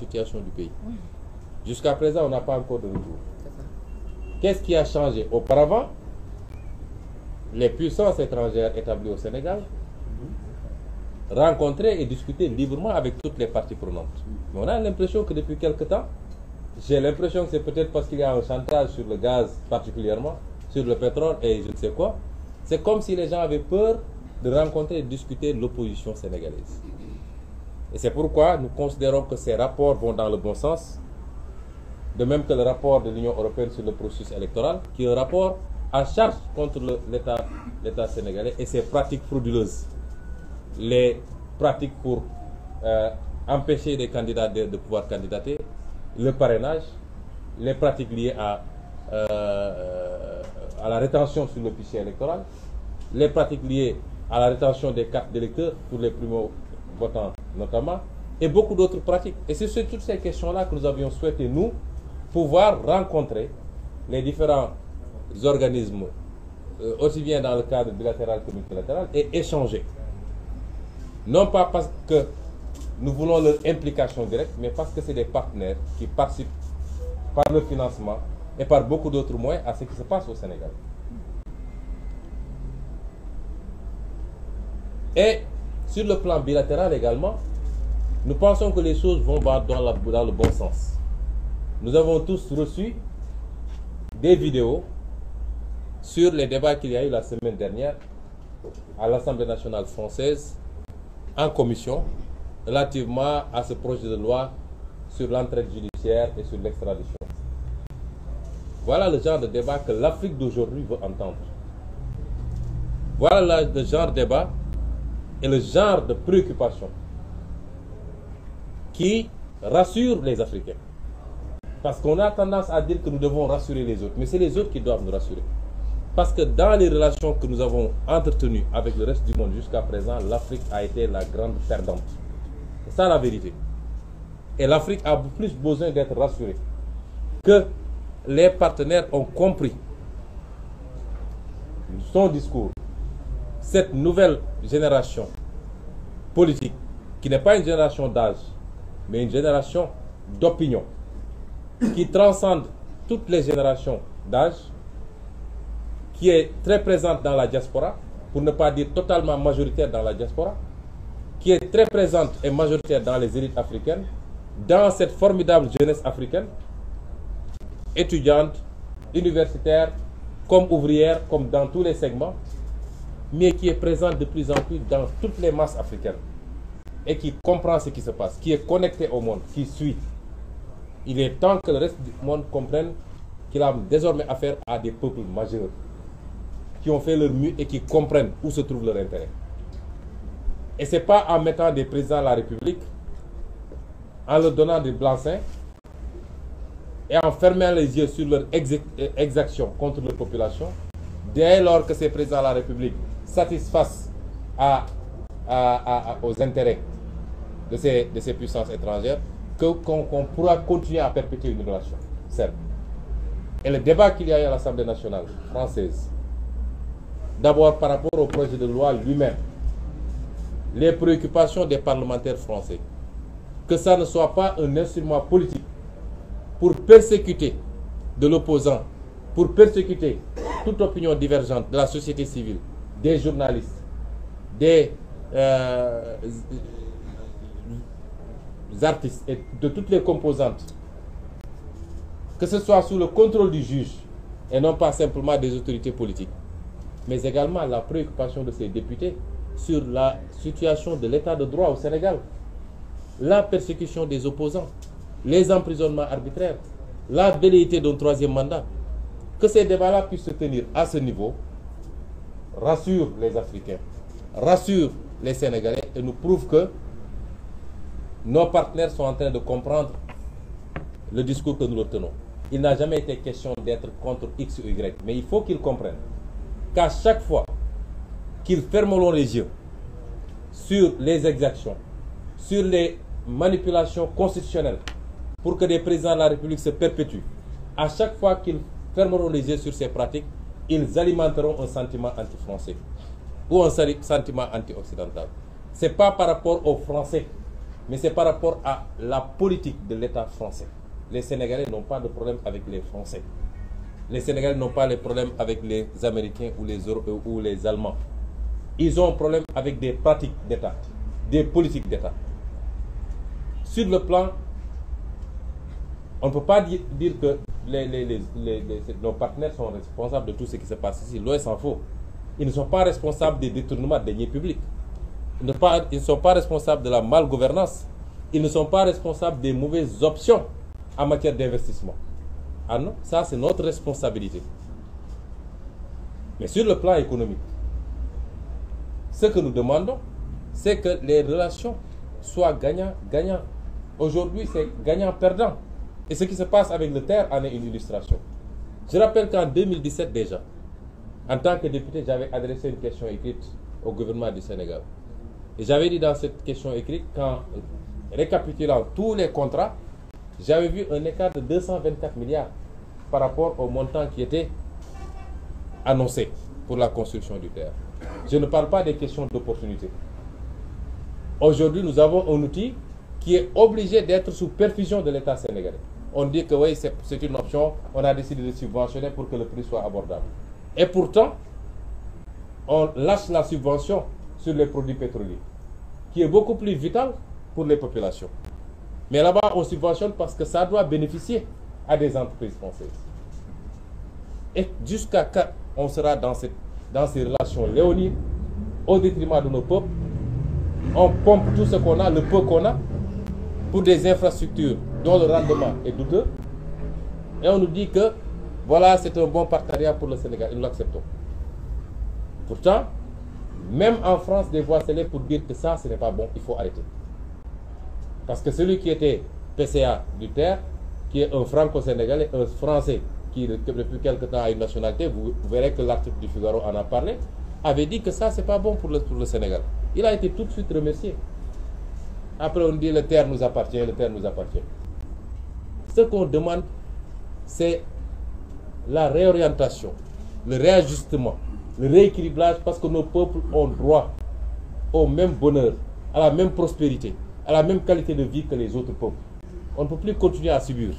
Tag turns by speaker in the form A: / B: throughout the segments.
A: situation du pays. Jusqu'à présent, on n'a pas encore de retour. Qu'est-ce qui a changé Auparavant, les puissances étrangères établies au Sénégal mmh. rencontraient et discutaient librement avec toutes les parties prenantes. Mmh. Mais on a l'impression que depuis quelque temps, j'ai l'impression que c'est peut-être parce qu'il y a un chantage sur le gaz particulièrement, sur le pétrole et je ne sais quoi. C'est comme si les gens avaient peur de rencontrer et discuter l'opposition Et c'est pourquoi nous considérons que ces rapports vont dans le bon sens, de même que le rapport de l'Union européenne sur le processus électoral, qui est un rapport en charge contre l'État sénégalais et ses pratiques frauduleuses, les pratiques pour euh, empêcher les candidats de, de, pouvoir candidater, le parrainage, les pratiques liées à, euh, la rétention sur le fichier électoral, les pratiques liées à la rétention des cartes d'électeurs pour les primo-votants notamment, et beaucoup d'autres pratiques. Et c'est sur toutes ces questions-là que nous avions souhaité, nous, pouvoir rencontrer les différents organismes, euh, aussi bien dans le cadre bilatéral que multilatéral, et échanger. Non pas parce que nous voulons leur implication directe, mais parce que c'est des partenaires qui participent par le financement et par beaucoup d'autres moyens à ce qui se passe au Sénégal. Et sur le plan bilatéral également, Nous pensons que les choses vont dans, la, dans le bon sens. Nous avons tous reçu des vidéos sur les débats qu'il y a eu la semaine dernière à l'Assemblée nationale française en commission relativement à ce projet de loi sur l'entraide judiciaire et sur l'extradition. Voilà le genre de débat que l'Afrique d'aujourd'hui veut entendre. Voilà le genre de débat et le genre de préoccupation qui rassure les Africains. Parce qu'on a tendance à dire que nous devons rassurer les autres, mais c'est les autres qui doivent nous rassurer. Parce que dans les relations que nous avons entretenues avec le reste du monde jusqu'à présent, l'Afrique a été la grande perdante. C'est ça la vérité. Et l'Afrique a plus besoin d'être rassurée que les partenaires ont compris son discours. Cette nouvelle génération politique, qui n'est pas une génération d'âge, mais une génération d'opinion qui transcende toutes les générations d'âge, qui est très présente dans la diaspora, pour ne pas dire totalement majoritaire dans la diaspora, qui est très présente et majoritaire dans les élites africaines, dans cette formidable jeunesse africaine, étudiante, universitaire, comme ouvrière, comme dans tous les segments, mais qui est présente de plus en plus dans toutes les masses africaines. et qui comprend ce qui se passe, qui est connecté au monde, qui suit. Il est temps que le reste du monde comprenne qu'il a désormais affaire à des peuples majeurs qui ont fait leur mieux et qui comprennent où se trouve leur intérêt. Et ce pas en mettant des présidents à la République, en leur donnant des blancs-seings et en fermant les yeux sur leur exaction contre leur population, dès lors que ces présidents à la République satisfassent à, à, à, aux intérêts de ces, de ces puissances étrangères qu'on qu pourra continuer à perpétuer une relation serbe. Et le débat qu'il y a eu à l'Assemblée nationale française, d'abord par rapport au projet de loi lui-même, les préoccupations des parlementaires français, que ça ne soit pas un instrument politique pour persécuter de l'opposant, pour persécuter toute opinion divergente de la société civile, des journalistes, des euh, artistes et de toutes les composantes, que ce soit sous le contrôle du juge et non pas simplement des autorités politiques, mais également la préoccupation de ces députés sur la situation de l'état de droit au Sénégal, la persécution des opposants, les emprisonnements arbitraires, la velléité d'un troisième mandat. Que ces débats-là puissent se tenir à ce niveau rassure les Africains, rassure les Sénégalais et nous prouve que Nos partenaires sont en train de comprendre le discours que nous leur tenons. Il n'a jamais été question d'être contre X ou Y, mais il faut qu'ils comprennent qu'à chaque fois qu'ils fermeront les yeux sur les exactions, sur les manipulations constitutionnelles, pour que les présidents de la République se perpétuent, à chaque fois qu'ils fermeront les yeux sur ces pratiques, ils alimenteront un sentiment anti-français ou un sentiment anti-occidental. Ce n'est par rapport aux Français mais c'est par rapport à la politique de l'État français. Les Sénégalais n'ont pas de problème avec les Français. Les Sénégalais n'ont pas les problèmes avec les Américains ou les, Européens euh, ou les Allemands. Ils ont un problème avec des pratiques d'État, des politiques d'État. Sur le plan, on ne peut pas dire, dire que les, les, nos partenaires sont responsables de tout ce qui se passe ici. Loin s'en Ils ne sont pas responsables des détournements de deniers publics. ne pas, ils ne la malgouvernance. Ils ne sont pas responsables des mauvaises options en matière d'investissement. Ah ça c'est notre Mais sur le plan économique, ce que nous demandons, c'est que les relations soient gagnant-gagnant. Aujourd'hui, c'est gagnant-perdant. Et ce qui se passe avec le terre en est une illustration. Je rappelle qu'en 2017 déjà, en tant que député, j'avais adressé question écrite au gouvernement du Sénégal. Et j'avais dit dans cette question écrite qu'en récapitulant les contrats, j'avais vu un écart de 224 milliards par rapport au montant qui était annoncé pour la construction du terre. Je ne parle pas des questions d'opportunité. Aujourd'hui, nous avons un outil qui est obligé d'être sous de l'État sénégalais. On dit que oui, a décidé de subventionner pour que le prix soit abordable. Et pourtant, on lâche la subvention sur les produits pétroliers, qui est beaucoup plus vital pour les populations. Mais là-bas, on subventionne parce que ça doit bénéficier à des entreprises françaises. Et jusqu'à quand on sera dans, ces relations léonines, au détriment de nos peuples, on pompe tout ce qu'on a, le peu qu'on a, pour des infrastructures dont le rendement est douteux, et on nous dit que voilà, c'est un bon partenariat pour le Sénégal, et nous l'acceptons. Même en France, des voix s'élèvent pour dire que ça, ce n'est pas bon, il faut arrêter. Parce que celui qui était PCA du Terre, qui est un franco-sénégalais, un français, qui depuis quelque temps a une nationalité, vous verrez que l'article du Figaro en a parlé, avait dit que ça, c'est pas bon pour le, pour le Sénégal. Il a été tout de suite remercié. Après, on dit le terre nous appartient, le terre nous appartient. Ce qu'on demande, c'est la réorientation, le réajustement le rééquilibrage parce que nos peuples ont droit au même bonheur, à la même prospérité, à la même qualité de vie que les autres On ne peut plus continuer à subir.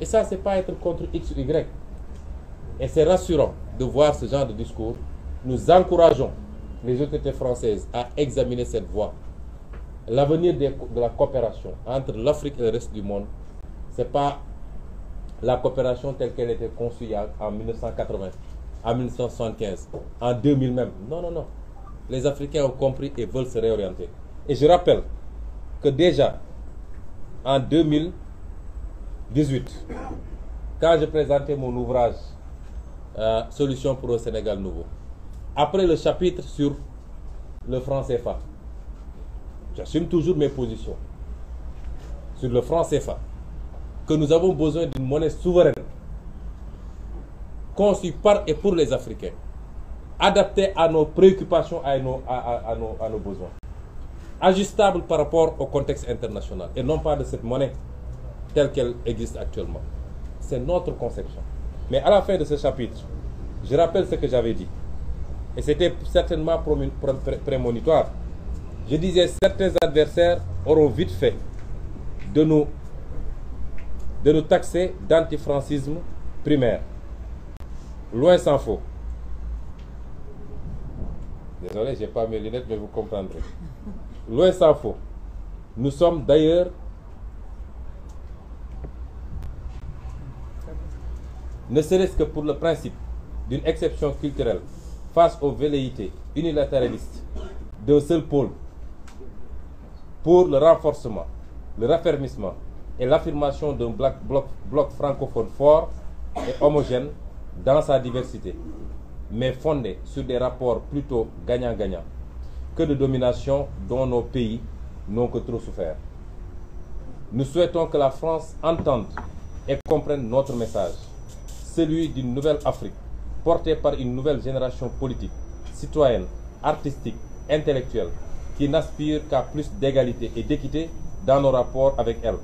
A: Et ça, c'est pas être contre X ou Y. Et c'est rassurant de voir ce genre de discours. Nous encourageons à examiner cette voie. L'avenir de la coopération entre l'Afrique et le reste du monde, c'est pas la coopération telle qu'elle était conçue en 1980. à 1975, en 2000 même. Non, non, non. Les Africains ont compris et veulent se réorienter. Et je rappelle que déjà, en 2018, quand je présentais mon ouvrage euh, Solutions pour le Sénégal nouveau, après le chapitre sur le franc j'assume toujours mes positions sur le franc CFA, que nous avons besoin d'une monnaie souveraine conçu par et pour les Africains, adapté à nos préoccupations, à nos, à, à, nos, besoins, ajustable par rapport au contexte international, et non pas de cette monnaie telle qu'elle existe actuellement. C'est notre conception. Mais à la fin de ce chapitre, je rappelle ce que j'avais dit. Et c'était certainement prémonitoire. Je disais, certains adversaires auront vite fait de nous, de nous taxer d'antifrancisme primaire. Loin s'en faut. Désolé, je n'ai pas mes lunettes, mais vous comprendrez. Loin Nous sommes d'ailleurs ne serait-ce que pour le principe d'une exception culturelle face aux velléités unilatéralistes d'un seul pôle pour le renforcement, le raffermissement et l'affirmation d'un bloc, bloc, bloc francophone fort et homogène dans sa diversité, mais fondée sur des rapports plutôt gagnant-gagnant que de domination dont nos pays n'ont que trop souffert. Nous souhaitons que la France entende et comprenne notre message, celui d'une nouvelle Afrique portée par une nouvelle génération politique, citoyenne, artistique, intellectuelle, qui n'aspire qu'à plus d'égalité et d'équité dans nos rapports avec elle,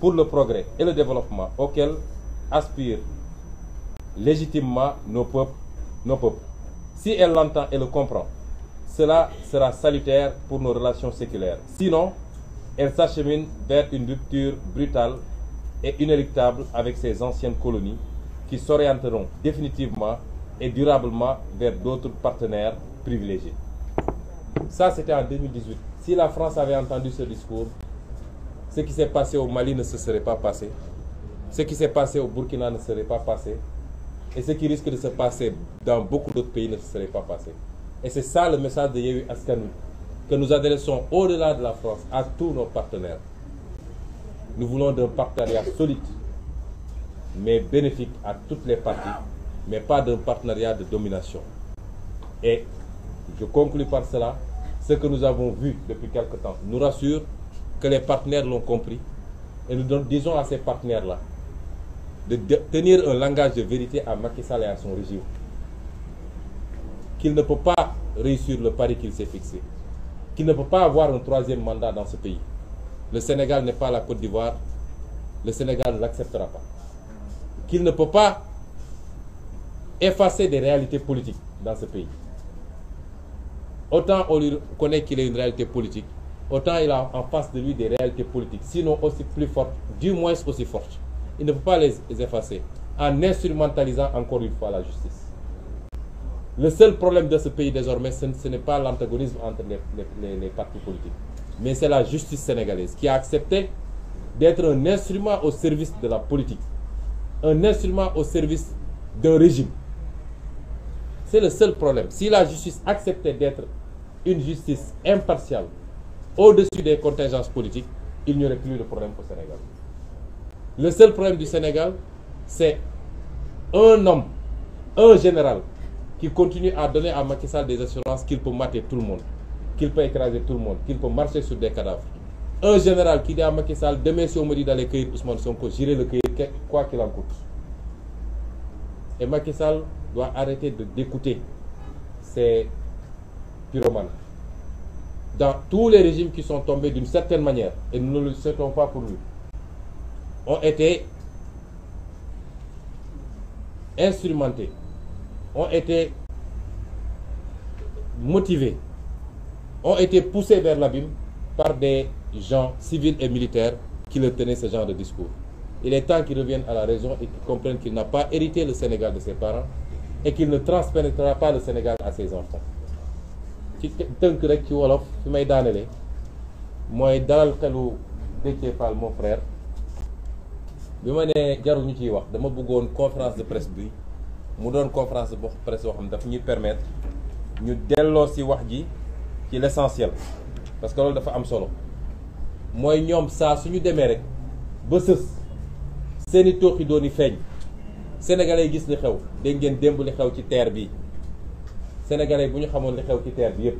A: pour le progrès et le développement auquel aspire légitimement nos peuples, nos peuples. Si elle l'entend et le comprend, cela sera salutaire pour nos relations séculaires. Sinon, elle s'achemine vers une rupture brutale et inéluctable avec ses anciennes colonies qui s'orienteront définitivement et durablement vers d'autres partenaires privilégiés. Ça, c'était en 2018. Si la France avait entendu ce discours, ce qui s'est passé au Mali ne se serait pas passé. Ce qui s'est passé au Burkina ne serait pas passé. Et ce qui risque de se passer dans beaucoup d'autres pays ne se serait pas passé. Et c'est ça le message de Yehu Askanou, que nous adressons au-delà de la France à tous nos partenaires. Nous voulons d'un partenariat solide, mais bénéfique à toutes les parties, mais pas d'un partenariat de domination. Et je conclus par cela, ce que nous avons vu depuis quelque temps nous rassure que les partenaires l'ont compris et nous disons à ces partenaires-là de, de tenir un langage de vérité à Macky Sall et à son régime. Qu'il ne peut pas réussir le pari qu'il s'est fixé. Qu'il ne peut pas avoir un troisième mandat dans ce pays. Le Sénégal n'est pas la Côte d'Ivoire. Le Sénégal ne l'acceptera pas. Qu'il ne peut pas effacer des réalités politiques dans ce pays. Autant on lui connaît qu'il est une réalité politique, autant il a en face de lui des réalités politiques, sinon aussi plus fortes, du moins aussi fortes. il ne peut pas les effacer en instrumentalisant encore une fois la justice. Le seul problème de ce pays désormais, ce n'est pas l'antagonisme entre les, partis politiques, mais c'est la justice sénégalaise qui a accepté d'être un instrument au service de la politique, un instrument au service d'un régime. C'est le seul problème. Si la justice acceptait d'être une justice impartiale au-dessus des contingences politiques, il n'y aurait plus de problème au Sénégal. le seul problème du Sénégal c'est un homme un général qui continue à donner à Macky Sall des assurances qu'il peut mater tout le monde qu'il peut écraser tout le monde qu'il peut marcher sur des cadavres un général qui dit à Macky Sall demain si on me dit d'aller cueillir Ousmane Sonko j'irai le cueillir quoi qu'il en et Macky doit arrêter de d'écouter ces pyromanes dans tous les régimes qui sont tombés d'une certaine manière et nous ne le souhaitons pas pour on été instrumentés, ont été motivés, ont été poussés vers l'abîme par des gens civils et militaires qui leur tenaient ce genre de discours. Il est temps qu'ils reviennent à la raison et qu'ils comprennent qu'il n'a pas hérité le Sénégal de ses parents et qu'il ne transpénétrera pas le Sénégal à ses enfants. ci tënk rek ci wolof fi may daanelee mooy dalal xelu Déthié mon frère bi ma nee jaruñu ciy wax dama bëggoon conférence de presse bi mu doon conférence de presse boo xam ne daf ñuy permettre ñu delloo si wax ji ci l'essentiel parce que loolu dafa am solo mooy ñoom saa suñu demee rek ba sës seeni tooxi dooni feeñ sénégalais yi gis li xew dégg ngeen démb li xew ci terre bi sénégalais bu ñu xamoon li xew ci terre bi yëpp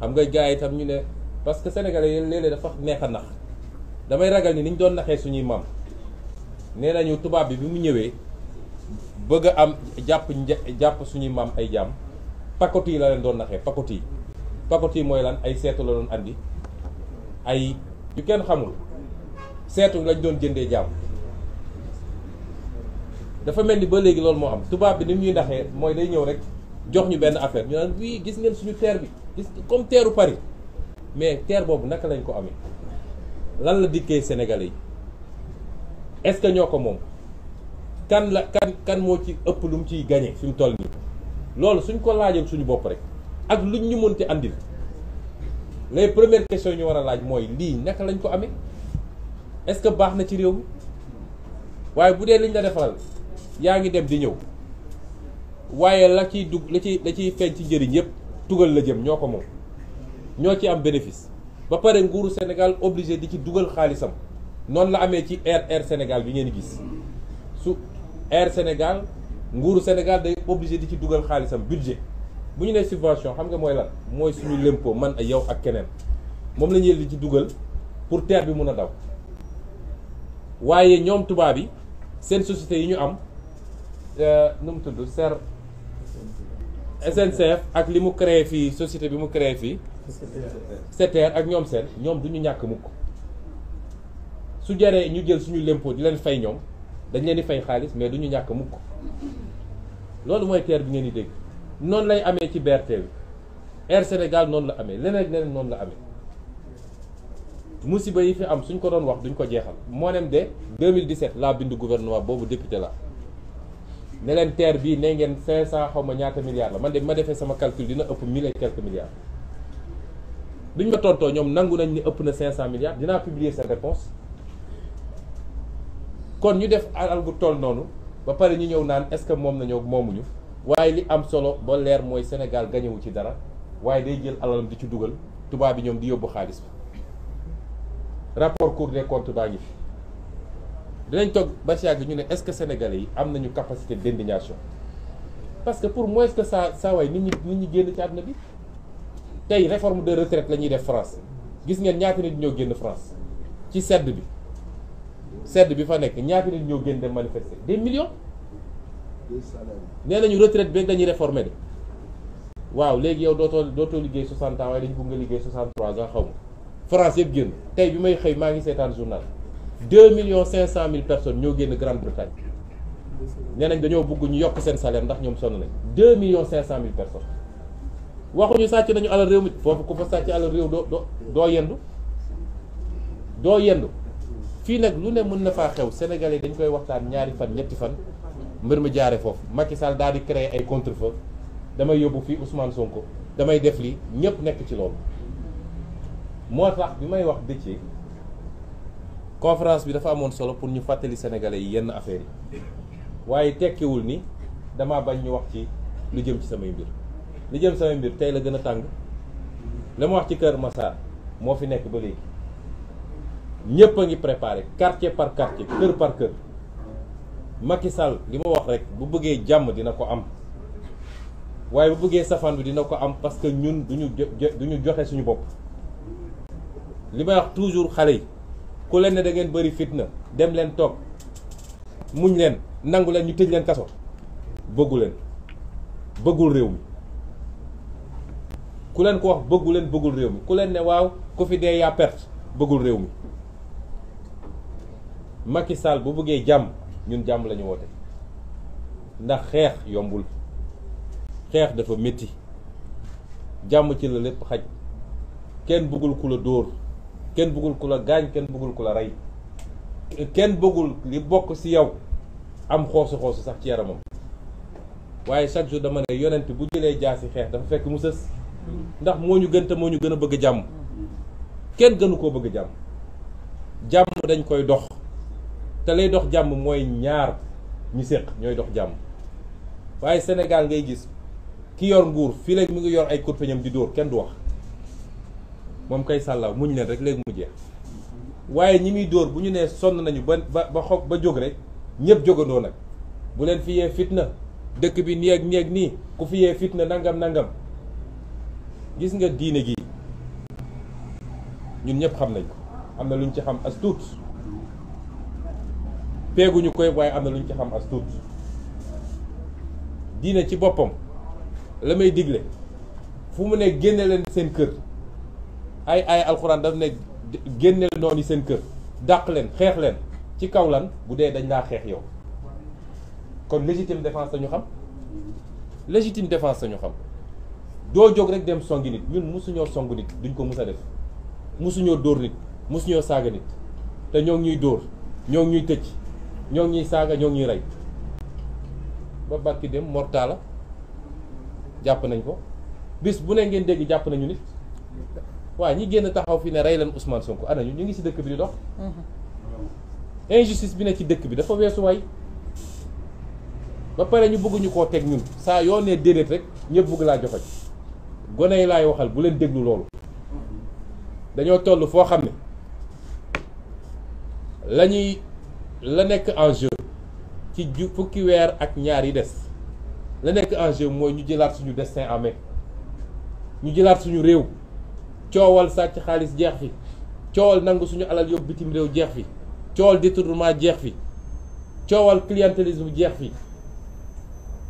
A: xam nga gars yi itam ñu ne parce que sénégalais yi léeg dafa neex a nax damay ragal ni niñ doon naxee suñuy maam nee nañu tubaab bi bi mu ñëwee bëgg a am jàpp jàpp suñuy maam ay jaam pakoti yi la leen doon naxee pakoti yi pakoti yi mooy lan ay seetu la doon andi ay yu kenn xamul seetu lañ doon jëndee jaam dafa mel ni ba léegi loolu moo am tubaab bi ni ñuy naxee mooy day ñëw rek jox ñu benn affaire ñu naan wii gis ngeen suñu teer bi gis comme teeru Paris mais terre boobu naka lañ ko amee lan la dikkee Sénégalais yi est ñoo ko moom kan la kan kan moo ci ëpp lu mu ciy gagné fi mu toll nii loolu suñ ko laajee suñu bopp rek ak luñ ñu mënti àndil les premières questions yi ñu war a laaj mooy lii nekk lañ ko amee est-ce que baax na ci réew mi waaye bu dee liñ la defaral yaa ngi dem di ñëw waaye la ciy dugg la ciy la ciy feeñ ci njëriñ yëpp tugal la jëm ñoo ko moom ñoo ci am bénéfice. ba pare nguuru Sénégal obligé di ci dugal xaalisam noonu la amee ci air air Sénégal bi ngeen gis su air Sénégal nguuru Sénégal day obligé di ci dugal xaalisam budget bu ñu nee subvention xam nga mooy lan mooy suñu lémpo man ak yow ak keneen moom lañu ñuy ci dugal pour TER bi mun a daw waaye ñoom tubaab yi seen société yi ñu am euh, nu mu tudd ser SNCF ak li mu créer fii société bi mu créer fii SETER ak ñoom seen ñoom du ñu ñàkk mukk su jaree ñu jël suñu lempo di leen fay ñoom dañ leen di fay xaalis mais du ñu ñàkk mukk loolu mooy teer bi ngeen di dégg noonu lay amee ci BRT bi Air Sénégal noonu la amee leneen leneen noonu la amee musiba yi fi am suñ ko doon wax duñ ko jeexal moo nem de 2017 laa bind gouvernement boobu député la ne leen TER bii ne ngeen 500 xaw ma ñaata milliards la man de ma defee sama calcul dina ëpp mille duñ ma tontoo ñoom nangu nañ ni ëpp na 500 milliards dinaa publier seen réponse kon ñu def alal gu toll noonu ba pare ñu ñëw naan est-ce que moom nañoo moomuñu waaye li am solo ba leer mooy Sénégal gañewu ci dara waaye day jël alalam di ci dugal tubaab bi ñoom di yóbbu xaalis bi rapport Cour des comptes baa ngi fi dinañ toog ba si yàgg ñu ne est-ce que sénégalais yi am nañu capacité d'indignation parce que pour moins que saa waay nit ñi nit ñi génn ci àdduna bi. tey réforme de retraite la ñuy def France gis ngeen ñaata nit ñoo génn France ci sedd bi sedd bi fa nekk ñaata nit ñoo génn dem manifester des millions nee nañu retraite beeg dañuy réformer de waaw léegi yow dootoo dootoo liggéey 60 ans waaye dañu bëgg nga liggéey 63 ans xaw ma France yëpp génn tey bi may xëy maa ngi seetaan journal 2 millions 500 mille personnes ñoo génn Grande-Bretagne nee nañ dañoo bëgg ñu yokk seen salaire ndax ñoom waxuñu sàcc nañu alal réew mi foofu ku fa sàcc alal réew doo doo doo yendu doo yendu fii nag lu ne mën na faa xew sénégalais dañ koy waxtaan ñaari fan ñetti fan mbir ma jaare foofu Macky Sall daal di créer ay contre-feu damay yóbbu fii Ousmane Sonko damay def lii ñëpp nekk ci loolu moo tax bi may wax dëccee conférence bi dafa amoon solo pour ñu fàttali sénégalais yi yenn affaires yi waaye tekkiwul ni dama bañ ñu wax ci lu jëm ci samay mbir li jëm sama mbir tey la gën a tàng la ma wax ci Kër Massar moo fi nekk ba léegi ñëpp a ngi préparé quartier par quartier kër par kër Macky Sall li ma wax rek bu bëggee jàmm dina ko am waaye bu bëggee safaan bi dina ko am parce que ñun duñu duñu joxe suñu bopp li may wax toujours xale yi ku leen ne da ngeen bëri fitna dem leen toog muñ leen nangu leen ñu tëj leen kaso bëggu leen bëggul réew mi ku leen ko wax bëggu leen bëggul réew mi ku leen ne waaw ku fi dee yaa perte bëggul réew mi Macky Sall bu bëggee jàmm ñun jàmm lañu ñu woote ndax xeex yombul xeex dafa metti jàmm ci la lépp xaj kenn bëggul ku la dóor kenn bëggul ku la gaañ kenn bëggul ku la rey kenn bëggul li bokk ci yow am xoosu xoosu sax ci yaramam waaye chaque jour dama ne yonent bu jëlee jaasi xeex dafa fekk mu sës ndax moo ñu gën te moo ñu gën a bëgg jàmm kenn gënu koo bëgg jàmm jàmm dañ koy dox te lay dox jàmm mooy ñaar ñu séq ñooy dox jàmm waaye Sénégal ngay gis ki yor nguur fii léegi mu ngi yor ay kurpeñam di dóor kenn du wax moom kay sàllaaw muñ leen rek léegi mu jeex waaye ñi muy dóor bu ñu nee sonn nañu ba ba ba ba jóg rek ñépp jógandoo nag bu leen fi fitna dëkk bi nii ak nii ak nii ku fi fitna nangam nangam gis nga diine gi ñun ñëpp xam nañ ko am na luñ ci xam as tuut peeguñu koy waaye am na lu luñ ci xam as tuut diine ci boppam la may digle fu mu ne génne leen seen kër ay ay alxuraan daf ne génne noonu seen kër dàq leen xeex leen ci kaw lan bu dee dañ laa xeex yow kon légitime défense dañu xam légitime défense sañu xam doo jóg rek dem songi nit ñun mosuñoo song nit duñ ko mus a def mosuñoo dóor nit mosuñoo saaga nit te ñoo ngi ñuy dóor ñoo ngi ñuy tëj ñoo ngi ñuy saaga ñoo ngi ñuy rey ba barki dem mortala jàpp nañ ko bis bu ne ngeen dégg jàpp nañu nit waa ñi génn taxaw fii ne rey leen Ousmane Sonko ana ñu ñu ngi si dëkk bi di dox mm-hmm. injustice bi ne ci dëkk bi dafa weesu waay ba pare ñu bëgguñu koo teg ñun saa yoon ne déedéet rek ñëpp bëgg laa joxoj gone yi laay waxal bu leen déglu loolu dañoo toll foo xam ne la ñuy la nekk en jeu ci fukki weer ak ñaar yi des la nekk en jeu mooy ñu jëlaat suñu destin en ñu jëlaat suñu réew coowal sàcc xaalis jeex fi coowal nangu suñu alal yóbbu bitim réew jeex fi coowal détournement jeex fi coowal clientélisme jeex fi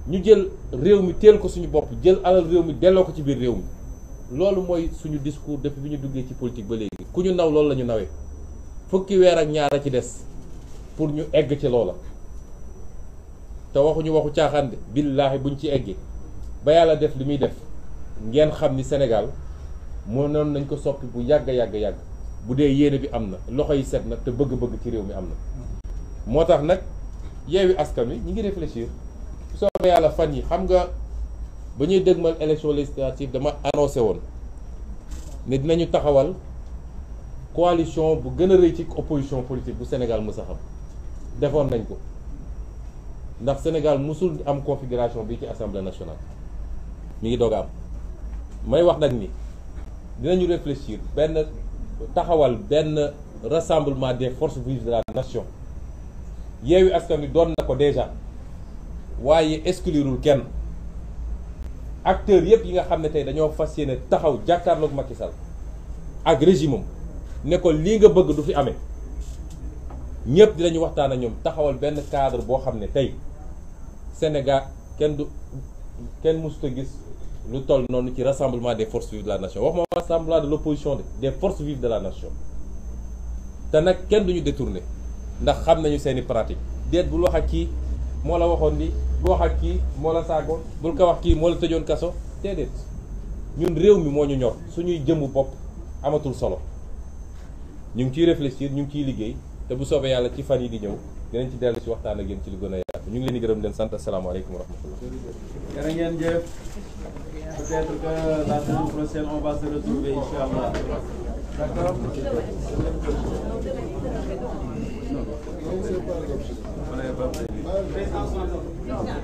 A: ñu jël réew mi teel ko suñu bopp jël alal réew mi delloo ko ci biir réew mi loolu mooy suñu discours depuis bi ñu duggee ci politique ba léegi ku ñu naw loolu la ñu nawee fukki weer ak ñaar a ci des pour ñu egg ci loola te waxuñu waxu caaxaan de billaahi buñ ci eggee ba yàlla def li muy def ngeen xam ni Sénégal moo noonu nañ ko soppi bu yàgg yàgg yàgg bu dee yéene bi am na loxo yi set na te bëgg-bëgg ci réew mi am na moo tax nag yeewi askan wi ñi ngi réfléchir bu soobee yàlla fan yi xam nga ba ñuy dëgmal élection législative dama annoncé woon ne dinañu taxawal coalition bu gën a rëy ci opposition politique bu Sénégal mës a xam defoon nañ ko ndax Sénégal musul am configuration bi ci assemblée nationale mi ngi doog am may wax nag ni dinañu réfléchir benn taxawal benn rassemblement des forces vives de nation yeewi askan wi doon na ko déjà waaye exclurul kenn acteurs yëpp yi nga xam ne tey dañoo fas yéene taxaw jàkkaarloog Macky Sall ak régime am ne lii nga bëgg du fi amee ñëpp dinañu waxtaan ak ñoom taxawal benn cadre boo xam ne tey Sénégal kenn du kenn mësut gis lu toll noonu ci rassemblement des forces vives de la nation wax ma rassemblement de l'opposition de des forces vives de la nation te nag kenn duñu détourné ndax xam nañu seeni pratique déet bul wax ak kii moo la waxoon ni bu wax ak kii moo la saako bul ko wax kii moo la tëjoon kaso déedéet ñun réew mi moo ñu ñor suñuy jëmmu bopp amatul solo ñu ngi ciy réfléchir ñu ngi ciy liggéey te bu soobee yàlla ci fan yi di ñëw dinañ ci dellu si waxtaan a yéen ci lu gën ñu ngi leen gërëm leen sant asalaamaaleykum wa rahmatullah. ngeen jëf président